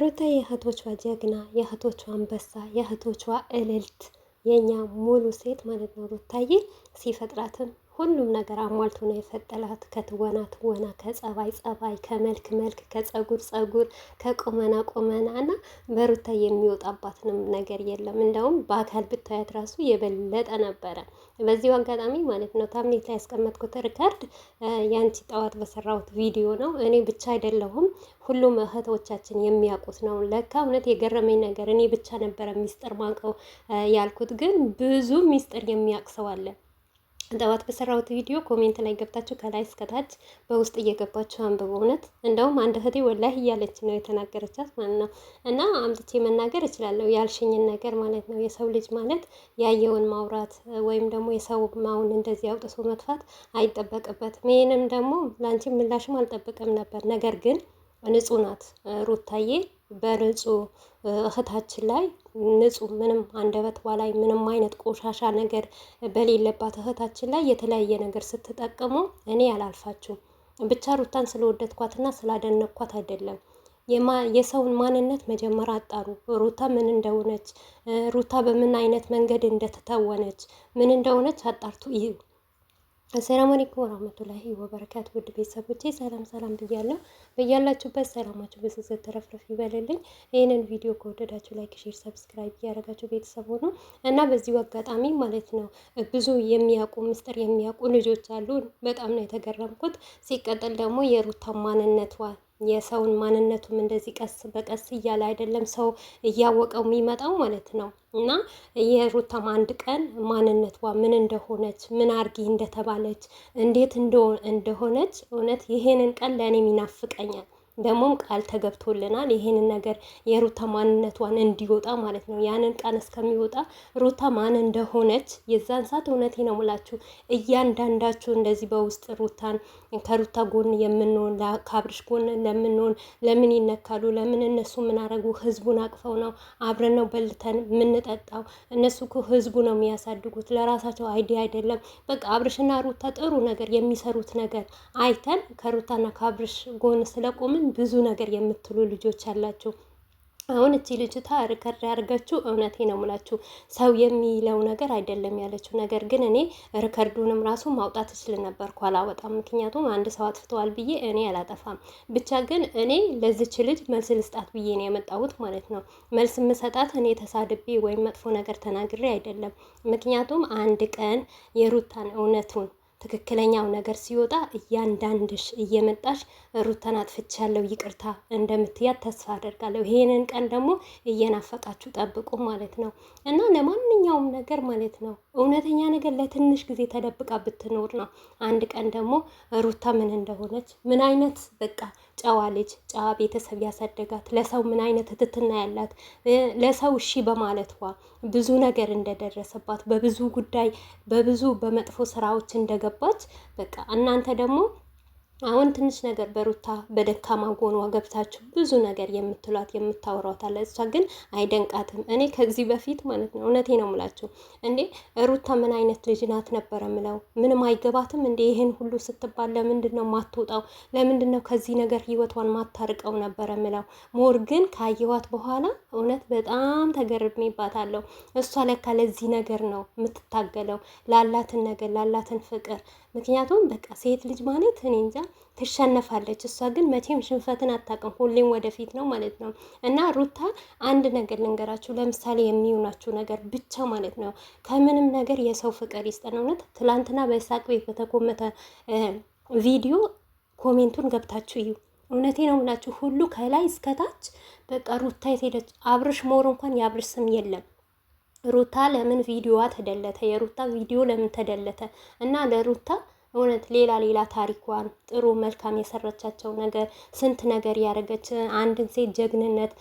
ሩታ የእህቶቿ ጀግና፣ የእህቶቿ አንበሳ፣ የእህቶቿ እልልት፣ የእኛ ሙሉ ሴት ማለት ነው። ሩታዬ ሲፈጥራትም ሁሉም ነገር አሟልቶ ነው የፈጠላት። ከትወና ትወና፣ ከጸባይ ጸባይ፣ ከመልክ መልክ፣ ከጸጉር ጸጉር፣ ከቁመና ቁመና እና በሩታ የሚወጣባትንም ነገር የለም። እንደውም በአካል ብታያት ራሱ የበለጠ ነበረ። በዚሁ አጋጣሚ ማለት ነው ታምኔት ላይ ያስቀመጥኩት ሪከርድ የአንቺ ጠዋት በሰራሁት ቪዲዮ ነው። እኔ ብቻ አይደለሁም ሁሉም እህቶቻችን የሚያውቁት ነው። ለካ እውነት የገረመኝ ነገር እኔ ብቻ ነበረ ሚስጥር ማውቀው ያልኩት፣ ግን ብዙ ሚስጥር የሚያውቅ ሰው አለ። ጠዋት በሰራሁት ቪዲዮ ኮሜንት ላይ ገብታችሁ ከላይ እስከታች በውስጥ እየገባችሁ አንብቡ። እውነት እንደውም አንድ እህቴ ወላህ እያለች ነው የተናገረቻት ማለት ነው። እና አምጥቼ መናገር እችላለሁ ያልሽኝን ነገር ማለት ነው። የሰው ልጅ ማለት ያየውን ማውራት ወይም ደግሞ የሰው ማውን እንደዚህ አውጥቶ መጥፋት አይጠበቅበትም። ይህንም ደግሞ ለአንቺ ምላሽም አልጠብቅም ነበር። ነገር ግን ንጹህ ናት ሩታዬ በንጹህ እህታችን ላይ ንጹህ ምንም አንደበቷ ላይ ምንም አይነት ቆሻሻ ነገር በሌለባት እህታችን ላይ የተለያየ ነገር ስትጠቀሙ እኔ አላልፋችሁም። ብቻ ሩታን ስለወደድኳትና ስላደነኳት አይደለም። የሰውን ማንነት መጀመር አጣሩ። ሩታ ምን እንደሆነች፣ ሩታ በምን አይነት መንገድ እንደተተወነች፣ ምን እንደሆነች አጣርቱ ይዩ። አሰላሙ አለይኩም ወራህመቱላሂ ወበረካቱ ውድ ቤተሰቦቼ ሰላም ሰላም ብያለሁ። በያላችሁበት ሰላማችሁ በስስት ተረፍረፍ ይበልልኝ። ይህንን ቪዲዮ ከወደዳችሁ ላይክ፣ ሼር፣ ሰብስክራይብ እያደረጋችሁ ቤተሰብ ሆኑ እና በዚሁ አጋጣሚ ማለት ነው ብዙ የሚያውቁ ምስጢር የሚያውቁ ልጆች አሉ። በጣም ነው የተገረምኩት። ሲቀጥል ደግሞ የሩታ ማንነቷ የሰውን ማንነቱም እንደዚህ ቀስ በቀስ እያለ አይደለም ሰው እያወቀው የሚመጣው ማለት ነው። እና የሩታም አንድ ቀን ማንነቷ ምን እንደሆነች ምን አርጊ እንደተባለች እንዴት እንደሆነች እውነት ይሄንን ቀን ለእኔም ይናፍቀኛል። ደግሞም ቃል ተገብቶልናል ይሄንን ነገር የሩታ ማንነቷን እንዲወጣ ማለት ነው። ያንን ቃል እስከሚወጣ ሩታ ማን እንደሆነች የዛን ሰዓት እውነቴ ነው ሙላችሁ እያንዳንዳችሁ እንደዚህ በውስጥ ሩታን ከሩታ ጎን የምንሆን ከአብርሽ ጎን ለምንሆን ለምን ይነካሉ? ለምን እነሱ ምናረጉ? ህዝቡን አቅፈው ነው አብረን ነው በልተን የምንጠጣው። እነሱ እኮ ህዝቡ ነው የሚያሳድጉት፣ ለራሳቸው አይዲያ አይደለም። በቃ አብርሽና ሩታ ጥሩ ነገር የሚሰሩት ነገር አይተን ከሩታና ከአብርሽ ጎን ስለቆምን ብዙ ነገር የምትሉ ልጆች አላችሁ። አሁን እቺ ልጅቷ ርከር ያርገችው እውነቴ ነው ምላችሁ ሰው የሚለው ነገር አይደለም ያለችው። ነገር ግን እኔ ርከርዱንም ራሱ ማውጣት እችል ነበርኩ አላወጣም። ምክንያቱም አንድ ሰው አጥፍተዋል ብዬ እኔ አላጠፋም። ብቻ ግን እኔ ለዚች ልጅ መልስ ልስጣት ብዬ ነው የመጣሁት ማለት ነው። መልስ የምሰጣት እኔ ተሳድቤ ወይም መጥፎ ነገር ተናግሬ አይደለም። ምክንያቱም አንድ ቀን የሩታን እውነቱን ትክክለኛው ነገር ሲወጣ እያንዳንድሽ እየመጣሽ ሩታን አጥፍቻለሁ ይቅርታ እንደምትያት ተስፋ አደርጋለሁ። ይሄንን ቀን ደግሞ እየናፈቃችሁ ጠብቁ ማለት ነው እና ለማንኛውም ነገር ማለት ነው እውነተኛ ነገር ለትንሽ ጊዜ ተደብቃ ብትኖር ነው። አንድ ቀን ደግሞ ሩታ ምን እንደሆነች ምን አይነት በቃ ጨዋ ልጅ ጨዋ ቤተሰብ ያሳደጋት ለሰው ምን አይነት ትትና ያላት ለሰው እሺ በማለትዋ ብዙ ነገር እንደደረሰባት በብዙ ጉዳይ በብዙ በመጥፎ ስራዎች እንደገባች በቃ እናንተ ደግሞ አሁን ትንሽ ነገር በሩታ በደካማ ጎኗ ገብታችሁ ብዙ ነገር የምትሏት የምታወሯት አለ። እሷ ግን አይደንቃትም። እኔ ከዚህ በፊት ማለት ነው እውነቴ ነው ምላችሁ እንዴ ሩታ ምን አይነት ልጅ ናት ነበረ ምለው። ምንም አይገባትም እንዴ ይህን ሁሉ ስትባል ለምንድን ነው ማትወጣው? ለምንድን ነው ከዚህ ነገር ህይወቷን ማታርቀው ነበረ ምለው። ሞር ግን ካየኋት በኋላ እውነት በጣም ተገርሜባታለሁ። እሷ ለካ ለዚህ ነገር ነው የምትታገለው ላላትን ነገር ላላትን ፍቅር። ምክንያቱም በቃ ሴት ልጅ ማለት እኔ እንጃ ትሸነፋለች። እሷ ግን መቼም ሽንፈትን አታውቅም፣ ሁሌም ወደፊት ነው ማለት ነው። እና ሩታ አንድ ነገር ልንገራችሁ፣ ለምሳሌ የሚሆናችሁ ነገር ብቻ ማለት ነው። ከምንም ነገር የሰው ፍቅር ይስጠን። እውነት ትላንትና በሳቅ ቤት በተኮመተ ቪዲዮ ኮሜንቱን ገብታችሁ እዩ። እውነቴ ነው ምላችሁ፣ ሁሉ ከላይ እስከታች በቃ ሩታ የት ሄደች? አብርሽ ሞር እንኳን የአብርሽ ስም የለም ሩታ ለምን ቪዲዮዋ ተደለተ? የሩታ ቪዲዮ ለምን ተደለተ? እና ለሩታ እውነት ሌላ ሌላ ታሪኳን ጥሩ መልካም የሰራቻቸው ነገር ስንት ነገር ያደረገች አንድን ሴት ጀግንነት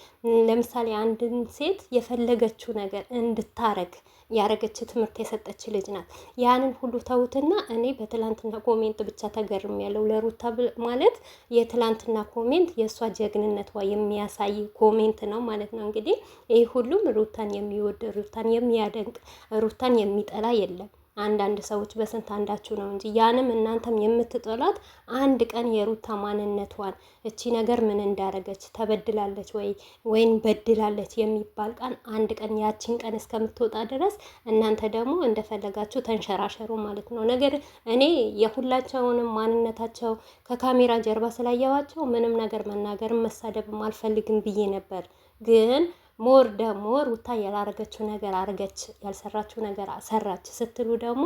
ለምሳሌ አንድን ሴት የፈለገችው ነገር እንድታረግ ያደረገች ትምህርት የሰጠች ልጅ ናት። ያንን ሁሉ ተውትና እኔ በትላንትና ኮሜንት ብቻ ተገርም ያለው ለሩታ ማለት የትላንትና ኮሜንት የእሷ ጀግንነቷ የሚያሳይ ኮሜንት ነው ማለት ነው። እንግዲህ ይህ ሁሉም ሩታን የሚወድ ሩታን የሚያደንቅ ሩታን የሚጠላ የለም። አንዳንድ ሰዎች በስንት አንዳችሁ ነው እንጂ ያንም እናንተም የምትጠሏት አንድ ቀን የሩታ ማንነቷን እቺ ነገር ምን እንዳረገች ተበድላለች ወይ ወይም በድላለች የሚባል ቀን አንድ ቀን ያችን ቀን እስከምትወጣ ድረስ እናንተ ደግሞ እንደፈለጋችሁ ተንሸራሸሩ ማለት ነው። ነገር እኔ የሁላቸውንም ማንነታቸው ከካሜራ ጀርባ ስላየዋቸው ምንም ነገር መናገርም መሳደብም አልፈልግም ብዬ ነበር ግን ሞር ደግሞ ሩታ ያላረገችው ነገር አርገች ያልሰራችው ነገር ሰራች ስትሉ ደግሞ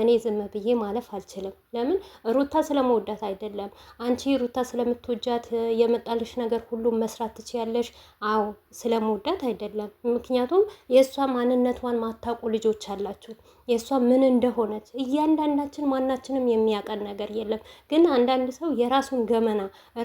እኔ ዝም ብዬ ማለፍ አልችልም። ለምን ሩታ ስለመወዳት አይደለም፣ አንቺ ሩታ ስለምትወጃት የመጣልሽ ነገር ሁሉ መስራት ትችያለሽ። አዎ ስለመወዳት አይደለም። ምክንያቱም የእሷ ማንነቷን ማታውቁ ልጆች አላችሁ። የእሷ ምን እንደሆነች እያንዳንዳችን ማናችንም የሚያቀን ነገር የለም። ግን አንዳንድ ሰው የራሱን ገመና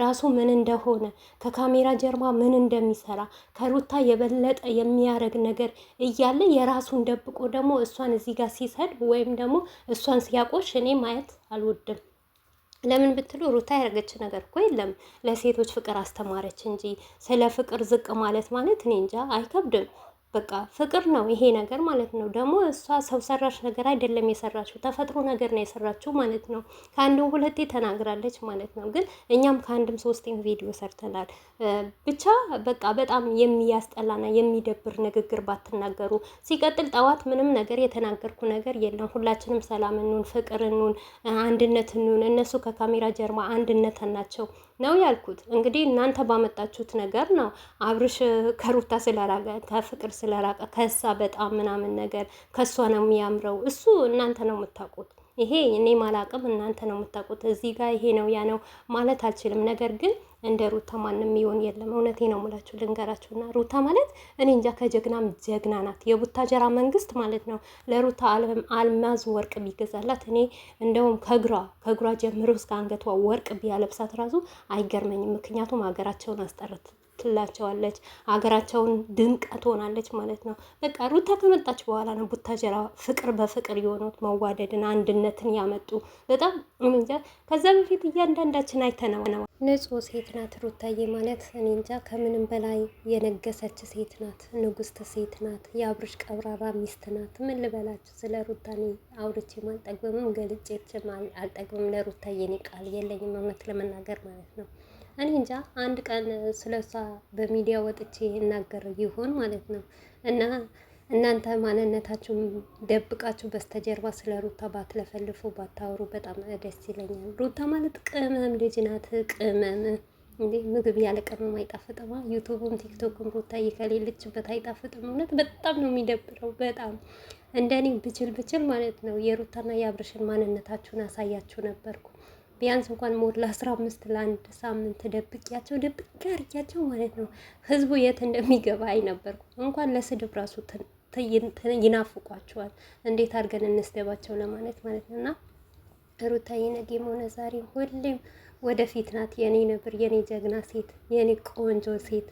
ራሱ ምን እንደሆነ ከካሜራ ጀርባ ምን እንደሚሰራ ከሩታ የበ የበለጠ የሚያደርግ ነገር እያለ የራሱን ደብቆ ደግሞ እሷን እዚህ ጋር ሲሰድ ወይም ደግሞ እሷን ሲያቆሽ እኔ ማየት አልወድም። ለምን ብትሉ ሩታ ያደረገች ነገር እኮ የለም። ለሴቶች ፍቅር አስተማረች እንጂ ስለ ፍቅር ዝቅ ማለት ማለት እኔ እንጃ አይከብድም። በቃ ፍቅር ነው ይሄ ነገር ማለት ነው። ደግሞ እሷ ሰው ሰራሽ ነገር አይደለም የሰራችው ተፈጥሮ ነገር ነው የሰራችው ማለት ነው። ከአንድም ሁለቴ ተናግራለች ማለት ነው። ግን እኛም ከአንድም ሶስቴም ቪዲዮ ሰርተናል። ብቻ በቃ በጣም የሚያስጠላና የሚደብር ንግግር ባትናገሩ። ሲቀጥል ጠዋት ምንም ነገር የተናገርኩ ነገር የለም። ሁላችንም ሰላም እንሁን፣ ፍቅር እንሁን፣ አንድነት እንሁን። እነሱ ከካሜራ ጀርባ አንድነት ናቸው። ነው ያልኩት። እንግዲህ እናንተ ባመጣችሁት ነገር ነው አብርሽ ከሩታ ስለራቀ ከፍቅር ስለራቀ ከሳ በጣም ምናምን ነገር ከእሷ ነው የሚያምረው እሱ እናንተ ነው የምታውቁት። ይሄ እኔ ማላቅም እናንተ ነው የምታውቁት። እዚህ ጋር ይሄ ነው ያ ነው ማለት አልችልም። ነገር ግን እንደ ሩታ ማንም ይሆን የለም። እውነቴ ነው ሙላችሁ ልንገራችሁና ሩታ ማለት እኔ እንጃ ከጀግናም ጀግና ናት። የቡታጀራ መንግስት ማለት ነው ለሩታ አልማዝ ወርቅ ቢገዛላት እኔ እንደውም ከግሯ ከግሯ ጀምሮ እስከ አንገቷ ወርቅ ቢያለብሳት ራሱ አይገርመኝም። ምክንያቱም ሀገራቸውን አስጠርት። ትላቸዋለች። አገራቸውን ድምቀት ሆናለች ማለት ነው። በቃ ሩታ ከመጣች በኋላ ነው ቡታጀራ ፍቅር በፍቅር የሆኑት መዋደድን፣ አንድነትን ያመጡ በጣም እንጃ። ከዛ በፊት እያንዳንዳችን አይተነው ነው። ንጹህ ሴት ናት ሩታዬ ማለት እኔ እንጃ። ከምንም በላይ የነገሰች ሴት ናት፣ ንጉስት ሴት ናት፣ የአብርሽ ቀብራራ ሚስት ናት። ምን ልበላችሁ ስለ ሩታ እኔ አውርቼ አልጠግብም፣ ገልጬ አልጠግብም። ለሩታዬ እኔ ቃል የለኝም እውነት ለመናገር ማለት ነው። እኔ እንጃ አንድ ቀን ስለሷ በሚዲያ ወጥቼ እናገር ይሆን ማለት ነው። እና እናንተ ማንነታችሁን ደብቃችሁ በስተጀርባ ስለ ሩታ ባትለፈልፉ ባታወሩ በጣም ደስ ይለኛል። ሩታ ማለት ቅመም ልጅ ናት። ቅመም እንዴ ምግብ ያለ ቅመም አይጣፍጥማ። ዩቱቡም ቲክቶክም ሩታ ከሌለችበት አይጣፍጥም። እውነት በጣም ነው የሚደብረው። በጣም እንደኔ ብችል ብችል ማለት ነው የሩታና የአብርሽን ማንነታችሁን አሳያችሁ ነበርኩ። ቢያንስ እንኳን ሞት ለአስራ አምስት ለአንድ ሳምንት ደብቄያቸው ደብቄ አድርጊያቸው ማለት ነው። ህዝቡ የት እንደሚገባ አይነበርኩ እንኳን ለስድብ ራሱ ይናፍቋቸዋል። እንዴት አድርገን እንስደባቸው ለማለት ማለት ነው። እና ሩታዬ ነገም ሆነ ዛሬ ሁሌም ወደፊት ናት። የኔ ነብር፣ የኔ ጀግና ሴት፣ የኔ ቆንጆ ሴት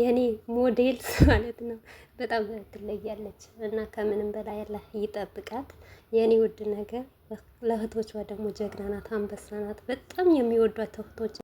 የእኔ ሞዴል ማለት ነው። በጣም ትለያለች እና ከምንም በላይ አላህ ይጠብቃት። የእኔ ውድ ነገር ለእህቶቿ ደግሞ ጀግና ናት፣ አንበሳ ናት። በጣም የሚወዷት እህቶች